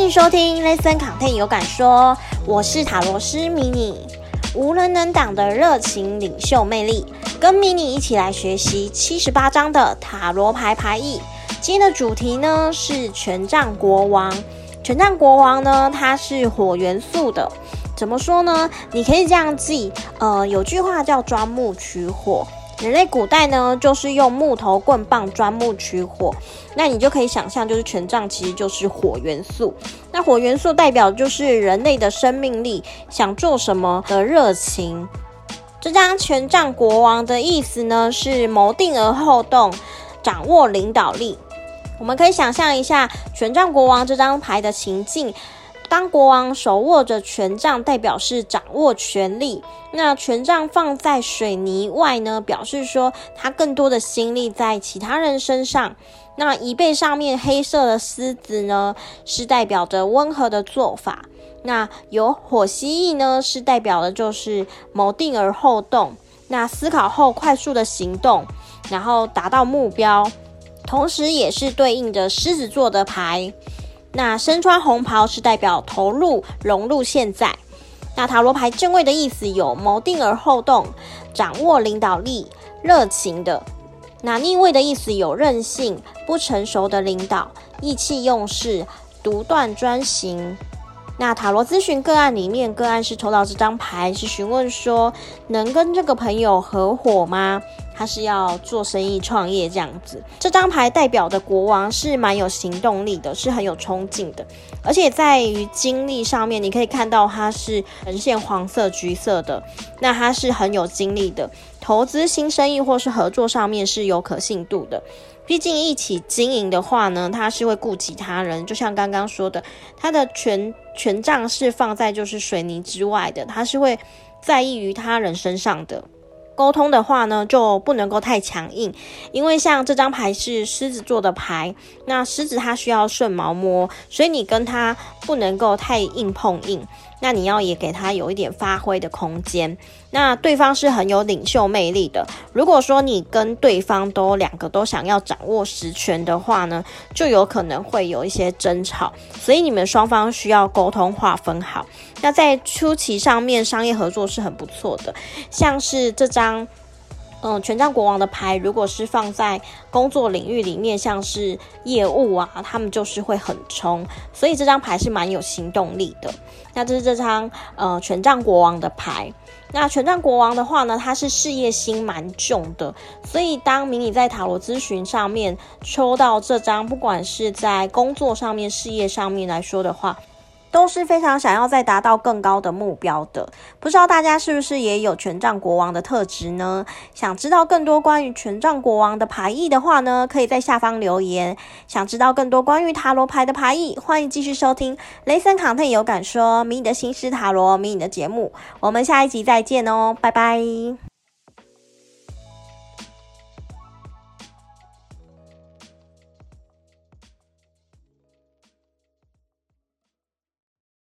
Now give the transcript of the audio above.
歡迎收聽《ListenContent 有感說》，我是塔羅師 Mini，無人能擋的熱情領袖魅力。跟 MINI 一起來學習七十八張的塔羅牌牌意。今天的主題呢是權杖國王，權杖國王呢它是火元素的。怎麼說呢？你可以這樣記，呃，有句話叫鑽木取火。人類古代呢，就是用木頭棍棒鑽木取火，那你就可以想象，就是權杖其實就是火元素。那火元素代表就是人類的生命力，想做什麼的熱情。這張權杖國王的意思呢，是謀定而後動，掌握領導力。我們可以想象一下權杖國王這張牌的情境。當國王手握着權杖，代表是掌握權力。那權杖放在水泥外呢，表示說他更多的心力在其他人身上。那椅背上面黑色的獅子呢，是代表着溫和的做法。那有火蜥蜴呢，是代表的就是謀定而後動。那思考後快速的行動，然後達到目標，同時也是對應着獅子座的牌。那身穿紅袍是代表投入融入現在。那塔羅牌正位的意思有謀定而後動，掌握領導力，熱情的。那逆位的意思有任性、不成熟的領導，意氣用事，獨斷專行。那塔羅諮詢個案裡面，個案是抽到這張牌，是詢問說，能跟這個朋友合夥嗎？他是要做生意創業這樣子。這張牌代表的國王是蠻有行動力的，是很有衝勁的，而且在於精力上面，你可以看到他是呈現黃色、橘色的，那他是很有精力的。投資新生意或是合作上面是有可信度的，畢竟一起經營的話呢，他是會顧及他人。就像剛剛說的，他的全。權杖是放在就是水泥之外的，他是會在意於他人身上的。溝通的話呢，就不能夠太強硬，因為像這張牌是獅子座的牌，那獅子它需要順毛摸，所以你跟他不能夠太硬碰硬，那你要也給他有一點發揮的空間。那對方是很有領袖魅力的，如果說你跟對方都兩個都想要掌握實權的話呢，就有可能會有一些爭吵，所以你們雙方需要溝通劃分好。那在初期上面商業合作是很不錯的，像是這張。當、呃、嗯權杖國王的牌，如果是放在工作領域裡面，像是業務啊，他們就是會很衝，所以這張牌是蠻有行動力的。那這是這張呃權杖國王的牌。那權杖國王的話呢，他是事業心蠻重的，所以當迷你在塔羅諮詢上面抽到這張，不管是在工作上面、事業上面來說的話。都是非常想要再達到更高的目標的，不知道大家是不是也有權杖國王的特質呢？想知道更多關於權杖國王的牌意的話呢，可以在下方留言。想知道更多關於塔羅牌的牌意，歡迎繼續收聽雷森康特有感說，迷你的心事塔羅，迷你的節目，我們下一集再見哦，拜拜。